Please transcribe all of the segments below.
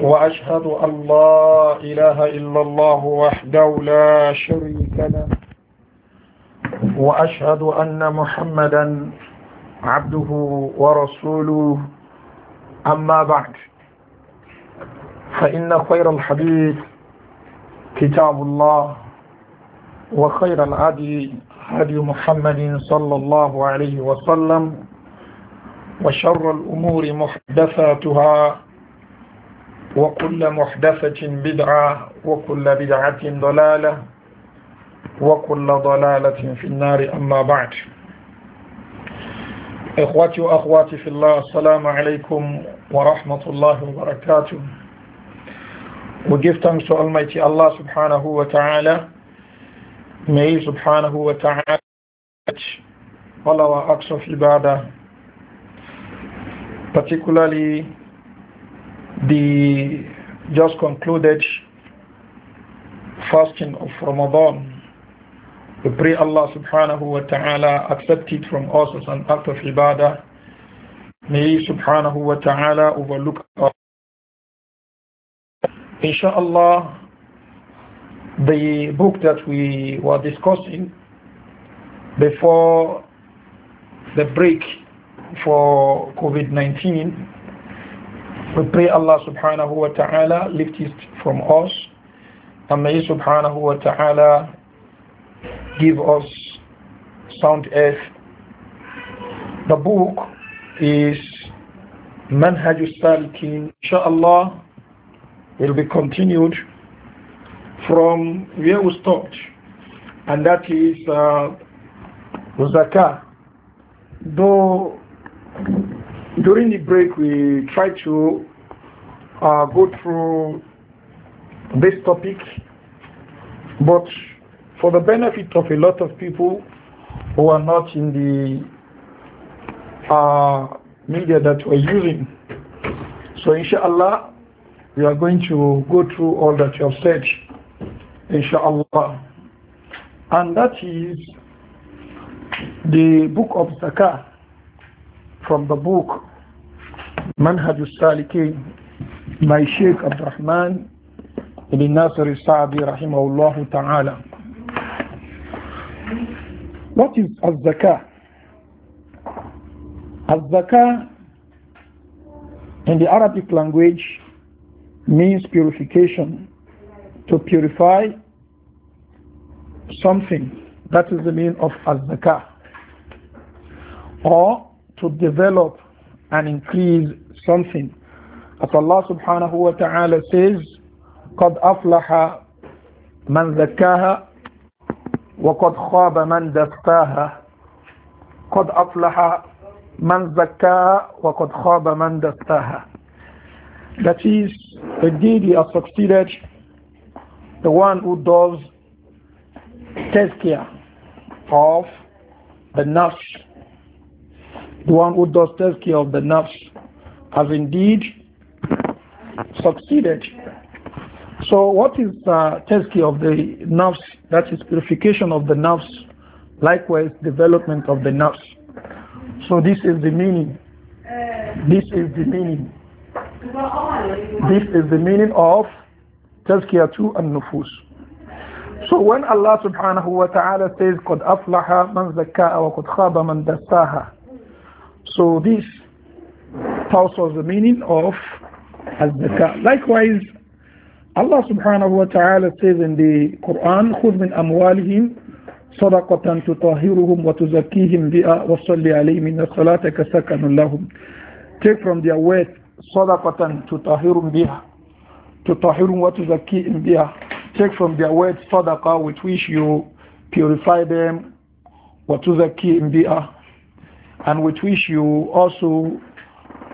وأشهد أن لا إله إلا الله وحده لا شريك له وأشهد أن محمدا عبده ورسوله أما بعد فإن خير الحديث كتاب الله وخير العدي هدي محمد صلى الله عليه وسلم وشر الأمور محدثاتها وكل محدثة بدعة وكل بدعة ضلالة وكل ضلالة في النار أما بعد إخوتي وأخواتي في الله السلام عليكم ورحمة الله وبركاته We give thanks to Almighty Allah subhanahu wa ta'ala. May He subhanahu wa ta'ala all our acts of ibadah, particularly the just concluded fasting of Ramadan. We pray Allah subhanahu wa ta'ala accept it from us as an act of ibadah. May He subhanahu wa ta'ala overlook us. Insha'Allah, the book that we were discussing before the break for COVID-19 we pray Allah subhanahu wa ta'ala lift it from us and may subhanahu wa ta'ala give us sound earth. The book is Manhaj al-Salikin. Inshallah will be continued from where we stopped and that is uh, Zakah. Though during the break, we try to uh, go through this topic, but for the benefit of a lot of people who are not in the uh, media that we're using, so inshallah, we are going to go through all that you have said, inshallah. And that is the book of Zakah from the book منهج السالكين by Sheikh Abdurrahman ibn Nasir al-Sa'di rahimahullah ta'ala What is in the Arabic language means purification to purify something that is the meaning of az or to develop and increase something. As Allah subhanahu wa ta'ala says, قَدْ أَفْلَحَ مَنْ ذَكَّاهَا وَقَدْ خَابَ مَنْ دَسْتَاهَا قَدْ أَفْلَحَ مَنْ ذَكَّاهَا وَقَدْ خَابَ مَنْ دَسْتَاهَا That is, the deity has succeeded the one who does takes care of the nafs, the one who does take care of the nafs, has indeed succeeded. So what is the uh, tazki of the nerves? That is purification of the nerves. Likewise, development of the nerves. So this is the meaning. This is the meaning. This is the meaning of tazkiyatu and nufus So when Allah subhanahu wa ta'ala says, قَدْ أَفْلَحَ مَنْ زَكَّاهَا وَقَدْ خَابَ مَنْ دَسَّاهَا So this tells us the meaning of al الزكاة. Likewise, Allah subhanahu wa ta'ala says in the Quran, خُذْ مِنْ أَمْوَالِهِمْ صَدَقَةً تُطَهِّرُهُمْ وَتُزَكِّيهِمْ بِهَا وَصَلِّ عَلَيْهِمْ إِنَّ صَلَاتَكَ سَكَنٌ لَهُمْ Take from their wealth صَدَقَةً تُطَهِّرُهُمْ بِهَا تُطَهِّرُهُمْ وَتُزَكِّيهِمْ بِهَا Take from their wealth صَدَقَة with which you purify them وَتُزَكِّيهِمْ بِهَا and with which you also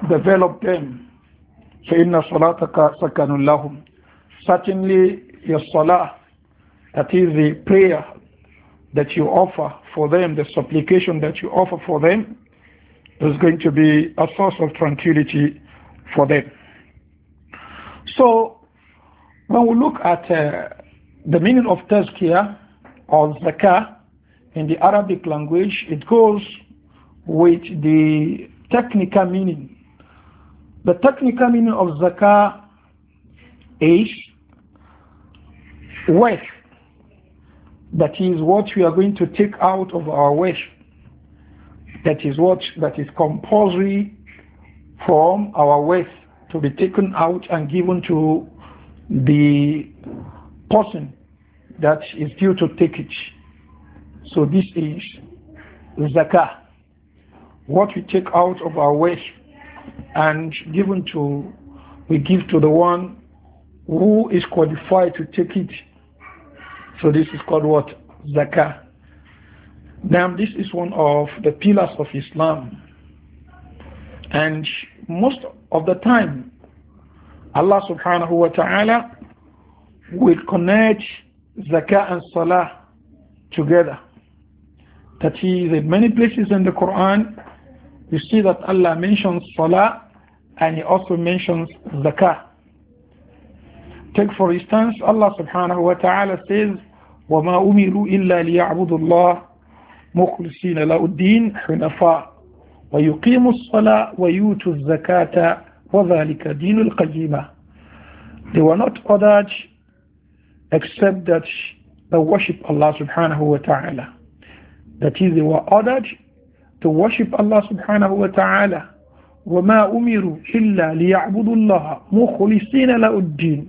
develop them. So inna salataka Certainly your salah, that is the prayer that you offer for them, the supplication that you offer for them, is going to be a source of tranquility for them. So when we look at uh, the meaning of tazkiyah or zakah in the Arabic language, it goes with the technical meaning the technical meaning of zakah is wealth. That is what we are going to take out of our wealth. That is what that is compulsory from our wealth to be taken out and given to the person that is due to take it. So this is zakah. What we take out of our wealth and given to we give to the one who is qualified to take it. So this is called what? Zakah. Now this is one of the pillars of Islam. And most of the time Allah subhanahu wa ta'ala will connect zakah and salah together. That is in many places in the Quran you see that Allah mentions salah and He also mentions zakah. Take for instance, Allah subhanahu wa ta'ala says, وَمَا أُمِرُوا إِلَّا لِيَعْبُدُوا اللَّهِ مُخْلِصِينَ لَهُ الدِّينَ حُنَفَاءَ وَيُقِيمُوا الصَّلَاةَ وَيُؤْتُوا الزَّكَاةَ وَذَلِكَ دِينُ الْقَيِّمَةِ They were not ordered except that they worship Allah subhanahu wa ta'ala. That is, they were ordered to worship Allah subhanahu wa ta'ala وما أمروا إلا ليعبدوا الله مخلصين له الدين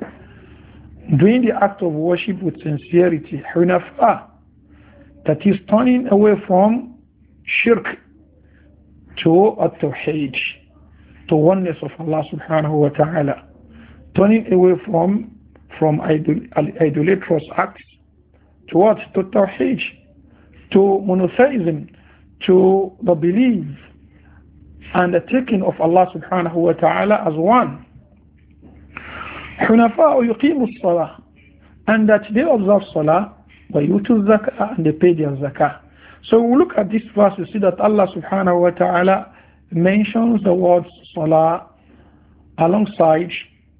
doing the act of worship with sincerity حنفاء that is turning away from shirk to التوحيد to oneness of Allah subhanahu wa ta'ala turning away from from idol, idolatrous acts towards to tawheed to monotheism to the belief and the taking of Allah subhanahu wa ta'ala as one. حُنَفَاءُ yuqimu الصَّلَاةَ and that they observe salah, by yutu zaka and they pay their zakah. So we look at this verse, you see that Allah subhanahu wa ta'ala mentions the word salah alongside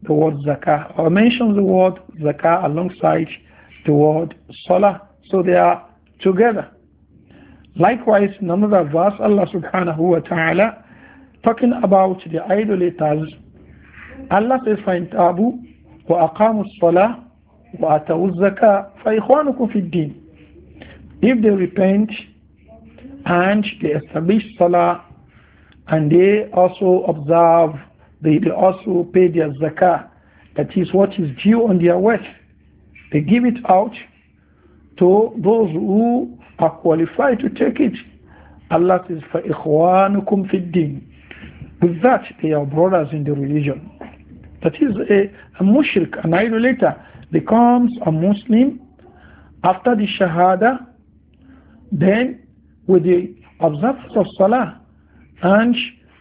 the word zakah, or mentions the word zakah alongside the word salah. So they are together. Likewise, another verse, Allah subhanahu wa ta'ala, talking about the idolaters, Allah says, فَإِنْ تَعْبُوا وَأَقَامُوا الصَّلَاةِ وَأَتَوُوا الزَّكَاةِ فَإِخْوَانُكُمْ فِي الدِّينِ If they repent and they establish salah and they also observe, they, they also pay their zakah, that is what is due on their wealth. They give it out to those who are qualified to take it. Allah says, فَإِخْوَانُكُمْ فِي الدِّينِ With that, they are brothers in the religion. That is a, a mushrik, an idolater, becomes a Muslim after the Shahada, then with the observance of Salah and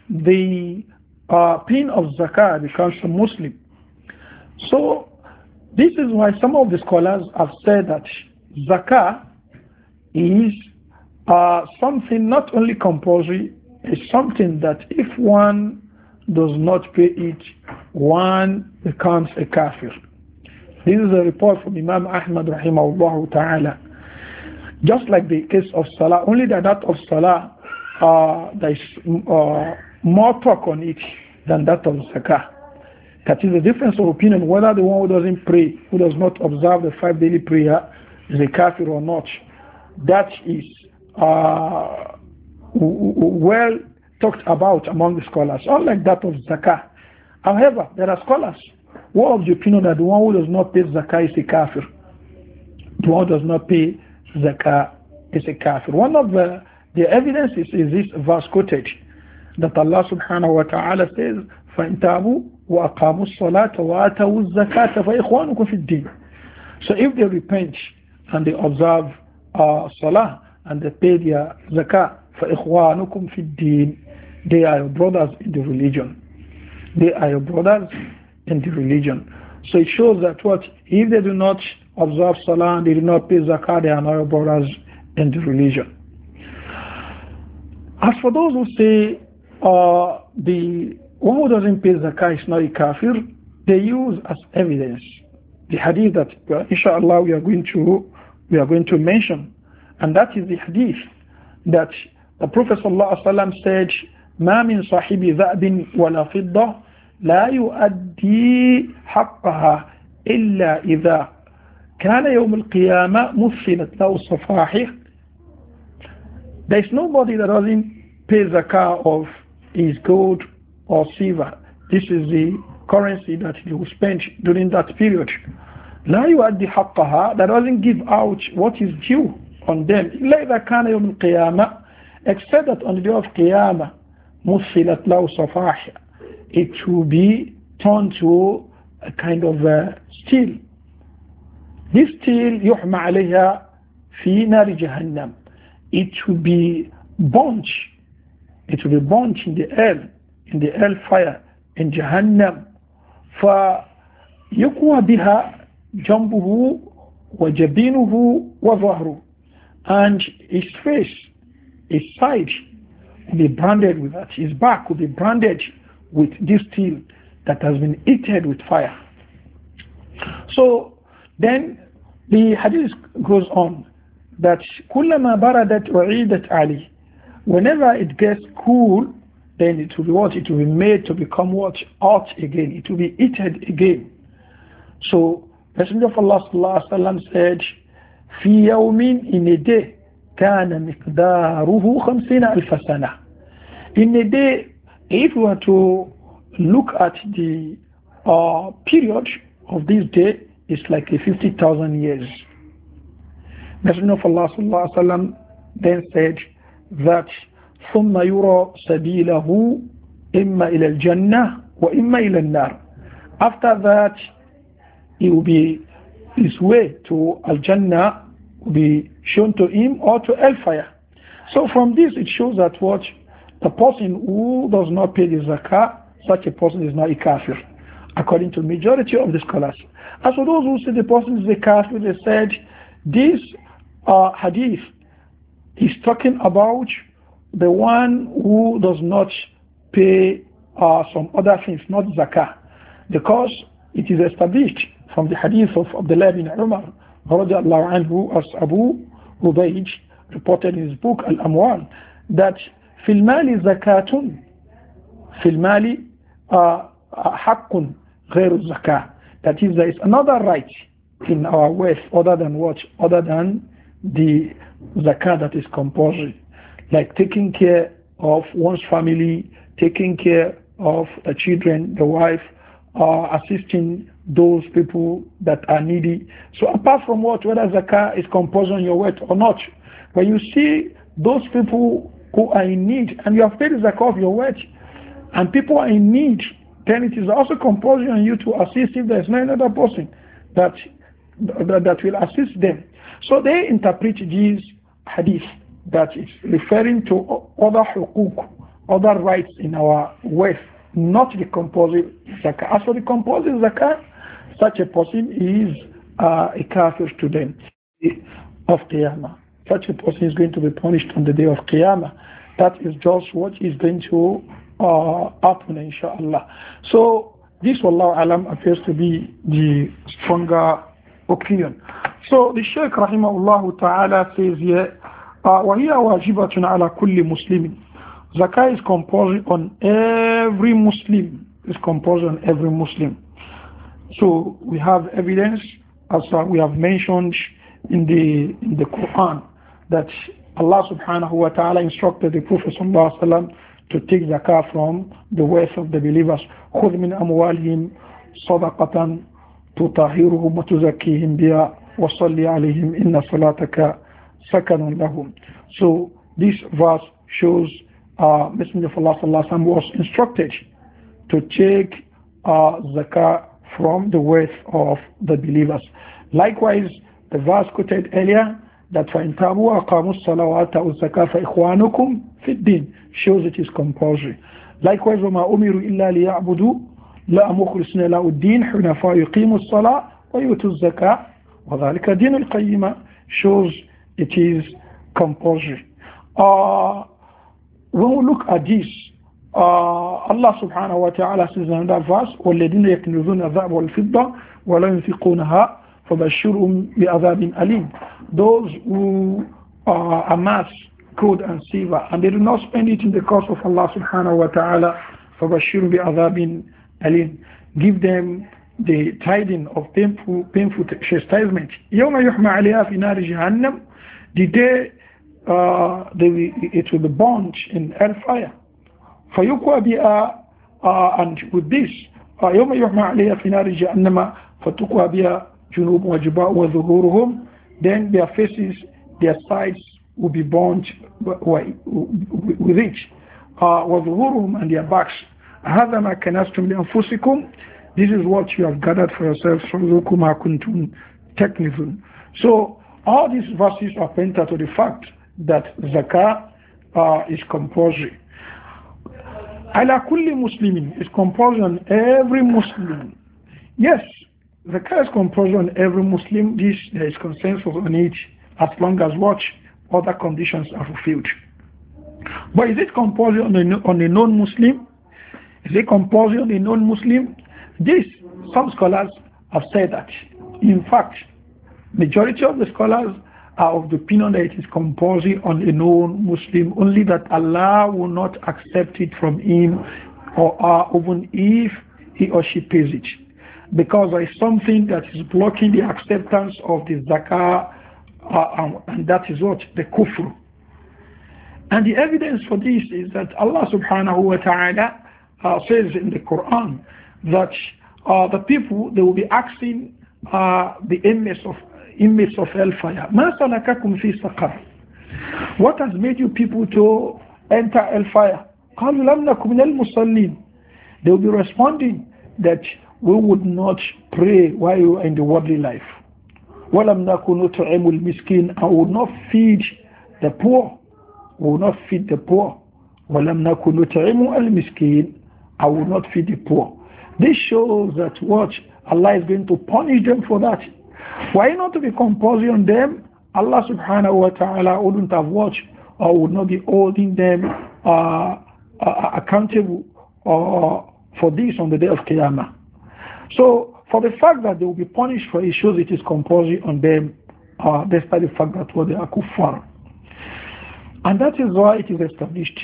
the uh, pin of Zakah becomes a Muslim. So this is why some of the scholars have said that Zakah is uh, something not only compulsory, it's something that if one does not pay it, one becomes a kafir. This is a report from Imam Ahmad rahimahullah ta'ala. Just like the case of Salah, only that that of Salah, uh, there is uh, more talk on it than that of Zakah. That is the difference of opinion whether the one who doesn't pray, who does not observe the five daily prayer, is a kafir or not that is uh, well talked about among the scholars, unlike that of zakah. However, there are scholars who are of the opinion that the one who does not pay zakah is a kafir. The one who does not pay zakah is a kafir. One of the, the evidences is this verse quoted that Allah subhanahu wa ta'ala says, فَإِن تَابُوا وَأَقَامُوا الصَّلَاةَ وَآتَوُوا الزَّكَاةَ فَإِخْوَانُكُمْ فِي الدِّينِ So if they repent and they observe salah and they pay their zakah for ikhwanukum fid deen. They are your brothers in the religion. They are your brothers in the religion. So it shows that what if they do not observe salah and they do not pay zakah, they are not your brothers in the religion. As for those who say uh, the one who doesn't pay zakah is not a kafir, they use as evidence the hadith that inshallah we are going to we are going to mention. And that is the hadith that the Prophet ﷺ said, ما من صاحب ذأب ولا فضة لا يؤدي حقها إلا إذا كان يوم القيامة مثلت له الصفاحح There is nobody that doesn't pay the car of his gold or silver. This is the currency that he will spend during that period. لا يؤدي حقها that doesn't give out what is due on them إلا إذا كان يوم القيامة except that on the day of Qiyamah مصلت له صفاح it will be turned to a kind of uh, steel this steel يحمى عليها في نار جهنم it will be burnt it will be burnt in the hell, in the fire, in Jahannam فيقوى بها جنبه وجبينه وظهره and his face, his side will be branded with that. His back will be branded with this steel that has been heated with fire. So then the hadith goes on that كلما بردت وعيدت ali. whenever it gets cool then it will be what? It will be made to become what? Hot again. It will be heated again. So رسول الله صلى الله عليه وسلم سيد في يوم إن دي كان مقداره خمسين ألف سنة إن دي if we were to look at the uh, period of this day it's like 50,000 years رسول الله صلى الله عليه وسلم then said that ثم يرى سبيله إما إلى الجنة وإما إلى النار after that he will be his way to Al Jannah will be shown to him or to hellfire. So from this it shows that what the person who does not pay the zakah, such a person is not a kafir, according to majority of the scholars. As for those who say the person is a kafir, they said this uh, hadith is talking about the one who does not pay uh, some other things, not zakah, because it is established from the hadith of Abdullah bin Umar anhu, as Abu Rubayj reported in his book Al-Amwal that في المال زكاة في المال حق غير الزكاة that is there is another right in our wealth other than what other than the zakah that is compulsory like taking care of one's family taking care of the children the wife uh, assisting those people that are needy. So apart from what, whether zakah is composed on your wealth or not, when you see those people who are in need and you have paid zakah of your wealth and people are in need, then it is also compulsory on you to assist if there is no another person that, that, that will assist them. So they interpret this hadith that is referring to other hukuk, other rights in our wealth, not the compulsory zakah. As for the compulsory zakah, such a person is uh, a kafir to them of Qiyamah. Such a person is going to be punished on the day of Qiyamah. That is just what is going to uh, happen, inshallah. So, this, Wallahu Alam, appears to be the stronger opinion. So, the Shaykh, rahimahullah ta'ala, says here, uh, وَهِيَ وَاجِبَةٌ عَلَى كُلِّ مُسْلِمٍ Zakah is compulsory on every Muslim. Is compulsory on every Muslim. So we have evidence, as uh, we have mentioned in the, in the Quran, that Allah subhanahu wa ta'ala instructed the Prophet sallallahu alaihi wasallam to take zakah from the wealth of the believers. خُذْ مِنْ أَمْوَالِهِمْ صَدَقَةً وَتُزَكِّيهِمْ بِهَا وَصَلِّ عَلَيْهِمْ إِنَّ صَلَاتَكَ سَكَنٌ لَهُمْ So this verse shows uh, Messenger of Allah sallallahu alaihi wasallam was instructed to take uh, zakah from the worth of the believers. Likewise, the verse quoted earlier that fa in tabu aqamus salawat wa zakata ikhwanukum fid din shows it is compulsory. Likewise, wa ma umiru illa liya'budu la mukhlisina la uddin hunafa yuqimu as-sala wa yutu az wa dhalika din al-qayyim shows it is compulsory. Uh, when we look at this, Allah subhanahu wa ta'ala says in verse, وَالَّذِينَ وَالْفِضَّةَ وَلَا يُنْفِقُونَهَا فَبَشِّرْهُمْ أَلِيمٍ Those who uh, amass gold and silver and they do not spend it in the cause of Allah subhanahu wa ta'ala فَبَشِّرْهُمْ بِعَذَابٍ أَلِيمٍ Give them the tiding of painful, painful chastisement. يَوْمَ يُحْمَى عَلَيْهَا فِي نَارِ جَهَنَّمٍ The day uh, they, it will be burned in hellfire. فيكوى بها uh, and with this يوم يحمى عليها في نار جهنم فتكوى بها جنوب وجباء وظهورهم then their faces their sides will be burnt with it وظهورهم and their backs هذا ما كنستم لأنفسكم this is what you have gathered for yourselves from فذوقوا كنتم تكنزون so all these verses are pointed to the fact that zakah uh, is compulsory Ala kulli Muslimin is compulsion on every Muslim. Yes, the is compulsion on every Muslim. This there is consensus on it as long as what other conditions are fulfilled. But is it compulsion on a, on a non-Muslim? Is it compulsion on a non-Muslim? This, some scholars have said that. In fact, majority of the scholars are of the opinion that it is on a non-Muslim, only that Allah will not accept it from him or her, even if he or she pays it. Because there is something that is blocking the acceptance of the zakah, uh, um, and that is what? The kufr. And the evidence for this is that Allah subhanahu wa ta'ala uh, says in the Quran that uh, the people, they will be asking uh, the enemies of inmates of hellfire. Masalakakum fi saqar. What has made you people to enter hellfire? قالوا They will be responding that we would not pray while you are in the worldly life. ولم نكن نطعم miskin I will not feed the poor. We will not feed the poor. I will not feed the poor. This shows that what Allah is going to punish them for that. Why not to be composing on them? Allah subhanahu wa ta'ala wouldn't have watched or would not be holding them uh, uh, uh accountable uh, for this on the day of Qiyamah. So for the fact that they will be punished for it shows it is composing on them uh, despite the fact that what they are kuffar. And that is why it is established.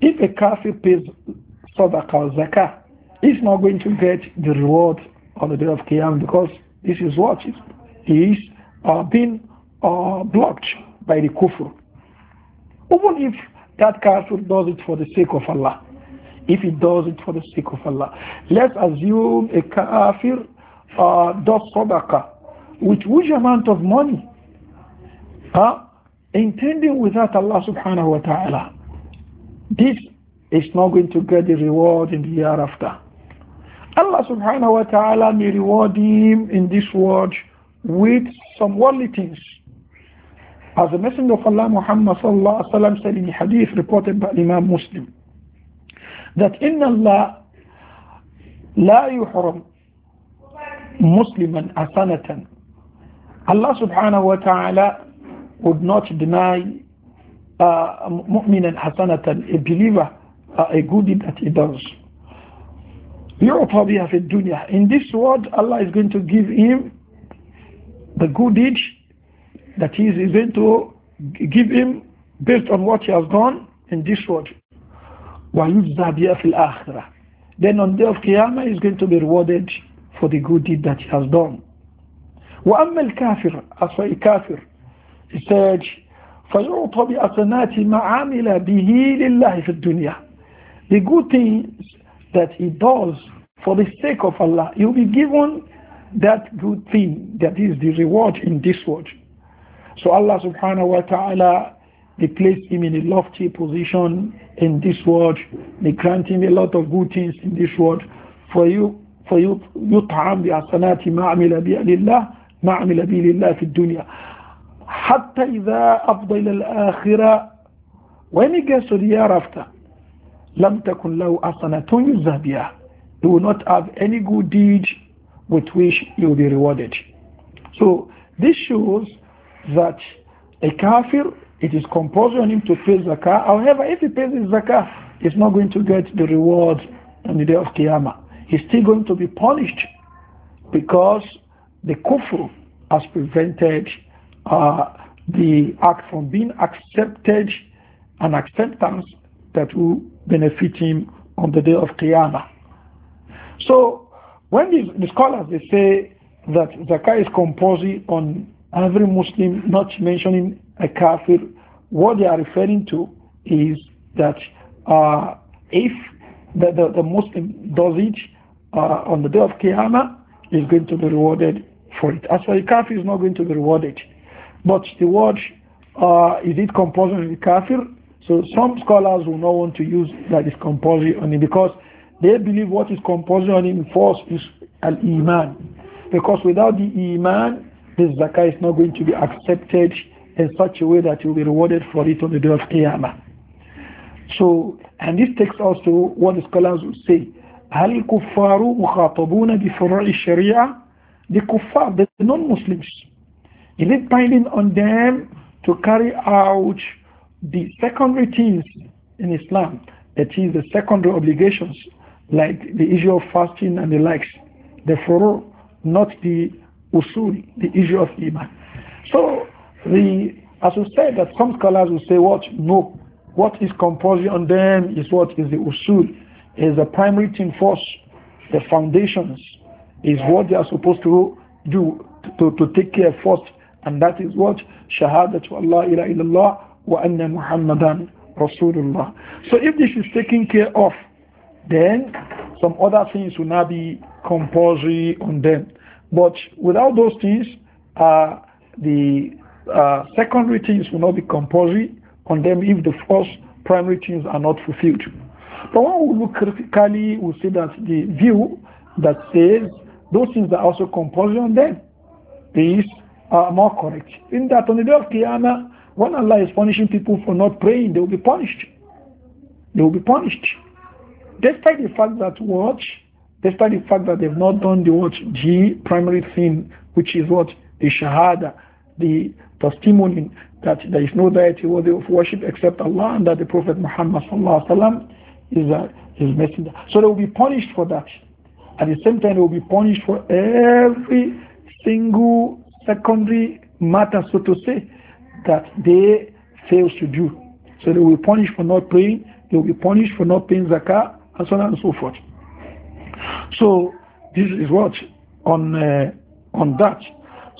If a kafir pays sadaqah or zakah, he's not going to get the reward on the day of Qiyamah because this is what is, is uh, being uh, blocked by the kufr. Even if that kafir does it for the sake of Allah, if he does it for the sake of Allah, let's assume a kafir uh, does sadaqah with which amount of money? Huh? Intending without Allah subhanahu wa ta'ala. This is not going to get the reward in the hereafter. Allah subhanahu wa ta'ala may reward him in this world with some worldly things. As the Messenger of Allah Muhammad sallallahu alaihi wasallam said in hadith reported by Imam Muslim, that in Allah la yuhram musliman asanatan. Allah subhanahu wa ta'ala would not deny uh, mu'minan asanatan, a believer, uh, a good deed that he does. In this world, Allah is going to give him the good deed that he is going to give him based on what he has done in this world. Then on day of Qiyamah, he is going to be rewarded for the good deed that he has done. وَأَمَّا الْكَافِرَ As for a kafir, he said, فَيُعْطَى بِأَسَنَاتِ مَعَامِلَ بِهِ لِلَّهِ فِي الدُّنْيَا The good things that he does for the sake of Allah, he'll be given that good thing that is the reward in this world. So Allah subhanahu wa ta'ala they place him in a lofty position in this world. They grant him a lot of good things in this world. For you, for you, you ta'am the asanati به bi ما عمل bi لله fi dunya, حتى إذا أفضى al الآخرة. When he gets to the after. Lamta takun lahu asanatun yuzza He will not have any good deed with which he will be rewarded. So this shows that a kafir, it is compulsory on him to pay zakah. However, if he pays his zakah, he's not going to get the reward on the day of Qiyamah. He's still going to be punished because the kufr has prevented uh, the act from being accepted and acceptance that will benefit him on the day of Qiyamah. So when the scholars they say that zakah is compulsory on every Muslim, not mentioning a kafir, what they are referring to is that uh, if the, the, the, Muslim does it uh, on the day of Qiyamah, is going to be rewarded for it. As for the kafir, is not going to be rewarded. But the word uh, is it compulsory on the kafir? So some scholars will not want to use that is compulsory on him because they believe what is compulsory on him first is an iman. Because without the iman, this zakah is not going to be accepted in such a way that you will be rewarded for it on the day of Qiyamah. So, and this takes us to what the scholars will say. هل الكفار مخاطبون بفروع الشريعة The kuffar, the non-Muslims, is it binding on them to carry out the secondary things in Islam, that is the secondary obligations, like the issue of fasting and the likes, the furor, not the usul, the issue of iman. So, the, as we said, that some scholars will say, what? No, what is compulsory on them is what is the usul, is the primary thing first, the foundations, is what they are supposed to do, to, to take care first, and that is what shahada to Allah ilaha illallah وَأَنَّ مُحَمَّدًا رَسُولُ اللَّهِ So if this is taken care of, then some other things will not be compulsory on them. But without those things, uh, the uh, secondary things will not be compulsory on them if the first primary things are not fulfilled. But when we look critically, we see that the view that says those things are also compulsory on them is uh, more correct. In that on the day of Qiyamah, when Allah is punishing people for not praying, they will be punished. They will be punished. Despite the fact that what? Despite the fact that they've not done the what? The primary thing, which is what? The shahada, the testimony that there is no deity worthy of worship except Allah and that the Prophet Muhammad sallam, is a uh, his messenger. So they will be punished for that. At the same time, they will be punished for every single secondary matter, so to say, that they fails to do. So they will punish for not praying, they will be punished for not paying zakah, and so on and so forth. So this is what on uh, on that.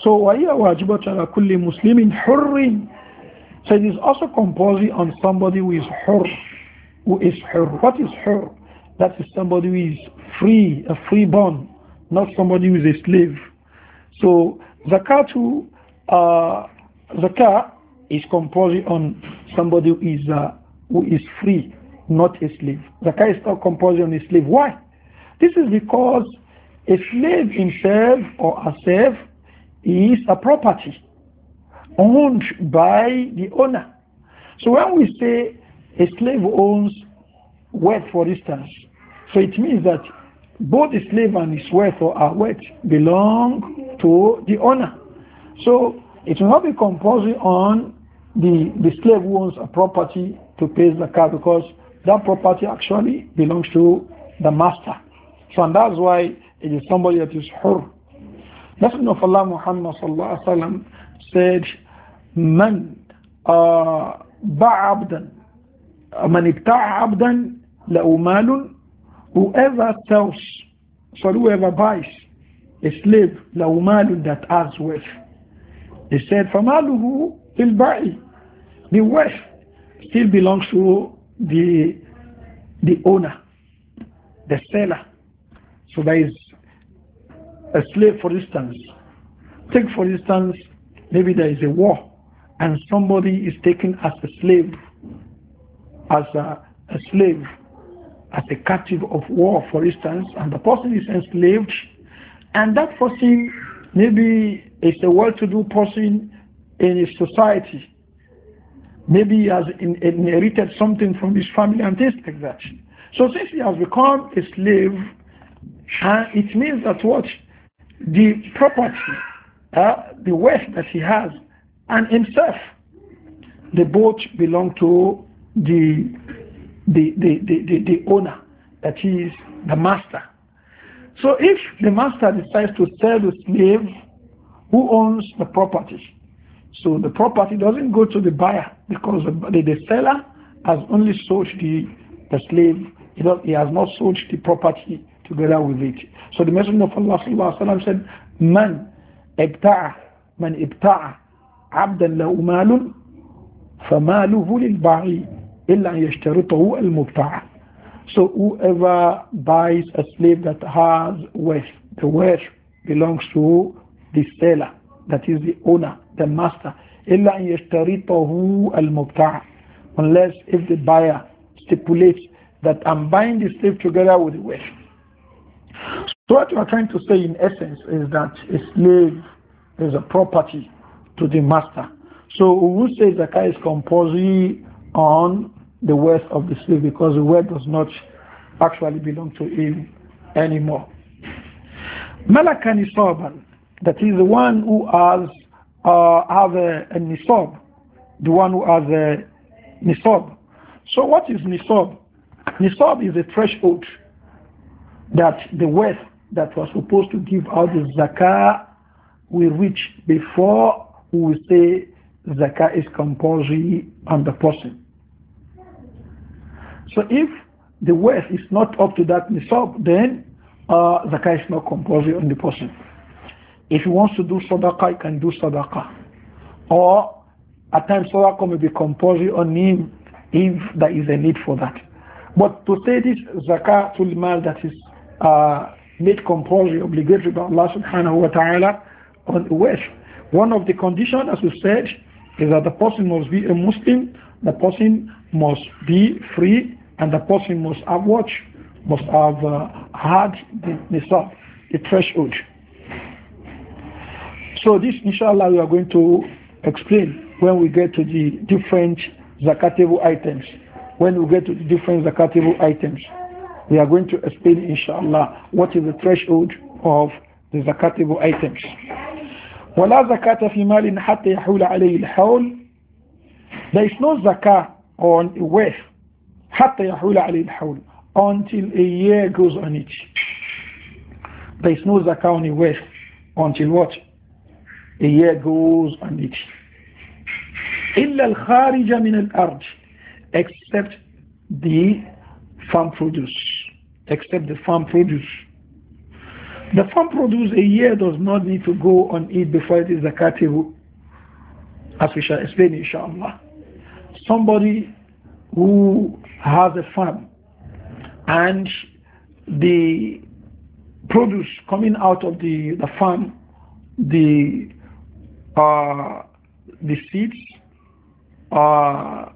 So وَهِيَ وَاجِبَةٌ عَلَى كُلِّ مُسْلِمٍ حُرٍّ So it is also compulsory on somebody who is hur, who is hur. What is hur? That is somebody who is free, a freeborn, not somebody who is a slave. So zakatu, uh, zakah is composing on somebody who is, uh, who is free, not a slave. Zakah is not composing on a slave. Why? This is because a slave himself or herself is a property owned by the owner. So when we say a slave owns wealth, for instance, so it means that both the slave and his wealth or our wealth belong to the owner. So it will not be compulsory on the, the slave who owns a property to pay zakat because that property actually belongs to the master. So and that's why it is somebody that is hur. Messenger of Allah Muhammad sallallahu alaihi wasallam said, "Man uh, abdan, man ibta'a abdan whoever sells, so whoever buys a slave la'umalun that has wealth." He said, فَمَالُهُ bari, The wealth still belongs to the, the owner, the seller. So there is a slave, for instance. Take, for instance, maybe there is a war and somebody is taken as a slave, as a, a slave, as a captive of war, for instance, and the person is enslaved, and that person maybe is a well-to-do person in his society. Maybe he has inherited something from his family and things like that. So since he has become a slave, it means that what? The property, uh, the wealth that he has, and himself, the both belong to the, the, the, the, the owner, that is the master. So if the master decides to sell the slave, who owns the property. So the property doesn't go to the buyer because the, the seller has only sold the, the slave. He, he has not sold the property together with it. So the Messenger of Allah وسلم, said, Man ibta'a, man ibta'a, abdan lahu malun, famaluhu lil ba'i, illa yashtaritahu al mubta'a. So whoever buys a slave that has wealth, the wealth belongs to the seller, that is the owner, the master. إلا أن يشترطه المبتاع unless if the buyer stipulates that I'm buying the slave together with the wife. So what you are trying to say in essence is that a slave is a property to the master. So who says guy is compulsory on the wealth of the slave because the wealth does not actually belong to him anymore. Malakani isaban that is the one who has uh, have a, a the one who has a nisab. So what is nisab? Nisab is a threshold that the wealth that was supposed to give out the zakah will reach before we say zakah is compulsory on the person. So if the wealth is not up to that nisab, then uh, zakah is not compulsory on the person. If he wants to do sadaqah, he can do sadaqah. Or at times sadaqah may be compulsory on him if there is a need for that. But to say this zakatul mal that is uh, made compulsory, obligatory by Allah subhanahu wa ta'ala on wealth. One of the conditions, as we said, is that the person must be a Muslim, the person must be free, and the person must have watched, must have uh, had the nisab, the threshold. So this, inshallah, we are going to explain when we get to the different zakatable items. When we get to the different zakatable items, we are going to explain, inshallah, what is the threshold of the zakatable items. وَلَا زَكَاةَ فِي مَالٍ حَتَّى يَحُولَ عَلَيْهِ الْحَوْلِ There is no zakah on a wealth حَتَّى يَحُولَ عَلَيْهِ الْحَوْلِ until a year goes on it. There is no zakah on a wealth until what? The year goes on it. إِلَّا الْخَارِجَ مِنَ الْأَرْضِ Except the farm produce. Except the farm produce. The farm produce a year does not need to go on it before it is Who, As we shall explain inshallah. Somebody who has a farm and the produce coming out of the, the farm, the uh, the seeds uh,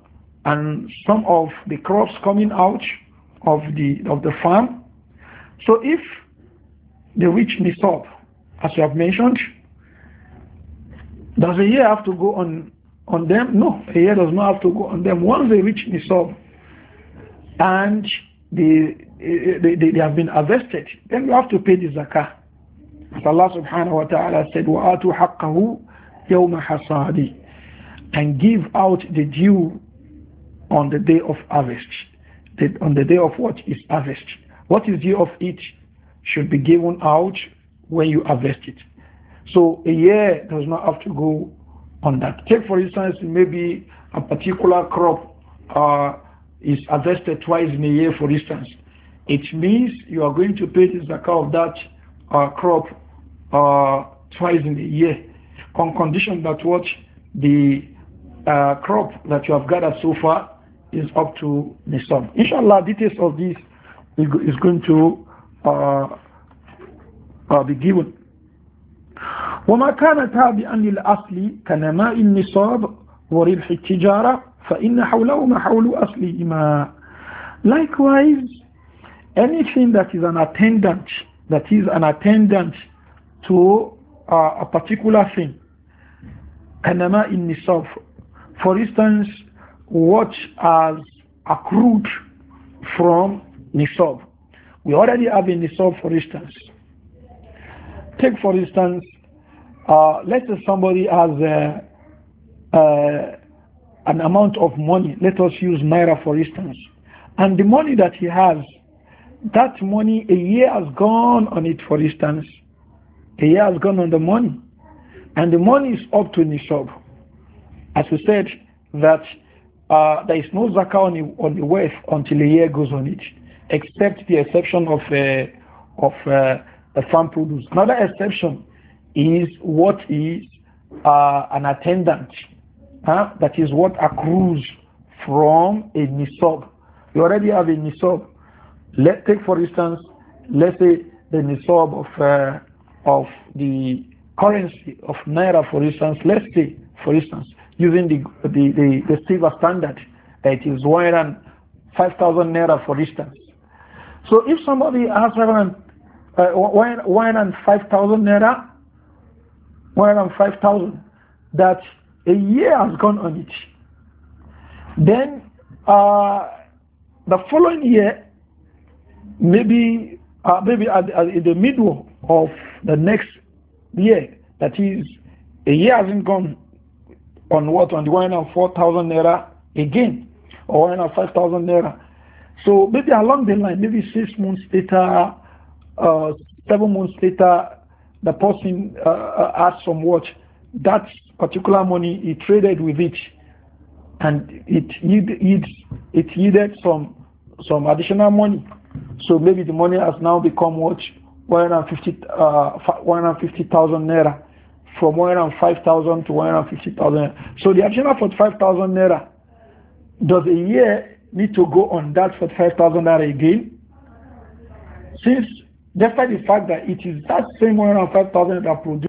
and some of the crops coming out of the of the farm. So if they reach the top, as you have mentioned, does a year have to go on on them? No, a year does not have to go on them. Once they reach the top, and they, they, they have been harvested, then you have to pay the zakah. As Allah subhanahu wa ta'ala said, وَآتُوا حَقَّهُ يوم حصاد and give out the dew on the day of harvest. on the day of what is harvest. What is due of it should be given out when you harvest it. So a year does not have to go on that. Take for instance, maybe a particular crop uh, is harvested twice in a year, for instance. It means you are going to pay the zakat of that uh, crop uh, twice in a year on condition that what the uh, crop that you have gathered so far is up to Nisab. Inshallah, details of this is going to uh, uh, be given. وما كان تابعا للأصل كنماء النصاب وربح التجارة فإن حولهما حول أصلهما Likewise, anything that is an attendant, that is an attendant to uh, a particular thing. Kanama in nisab. For instance, what has accrued from nisab. We already have in nisab, for instance. Take, for instance, uh, let's say somebody has a, uh, uh, an amount of money. Let us use Naira, for instance. And the money that he has, that money a year has gone on it, for instance. He has gone on the money. And the money is up to nisab. As we said, that uh, there is no zakah on the, on the wealth until a year goes on it, except the exception of, uh, of uh, the farm produce. Another exception is what is uh, an attendant. Huh? That is what accrues from a nisab. You already have a nisab. Let take for instance, let's say the nisab of uh, of the currency of naira, for instance, let's say, for instance, using the the, the, the silver standard, it is one and five thousand naira, for instance. So if somebody has one uh, one, and five thousand naira, one and five thousand, that a year has gone on it. Then uh, the following year, maybe uh, maybe at, at, in the middle of the next year. That is, a year hasn't gone on what? On the one of 4,000 naira again, or one of 5,000 naira. So maybe along the line, maybe six months later, uh, seven months later, the person uh, uh asked from what? That particular money, he traded with it. And it, it, it yielded some, some additional money. So maybe the money has now become what? 150,000 uh, naira from 105,000 to 150,000. So the additional 45,000 naira, does a year need to go on that 45,000 naira again? Since, despite the fact that it is that same 105,000 that produced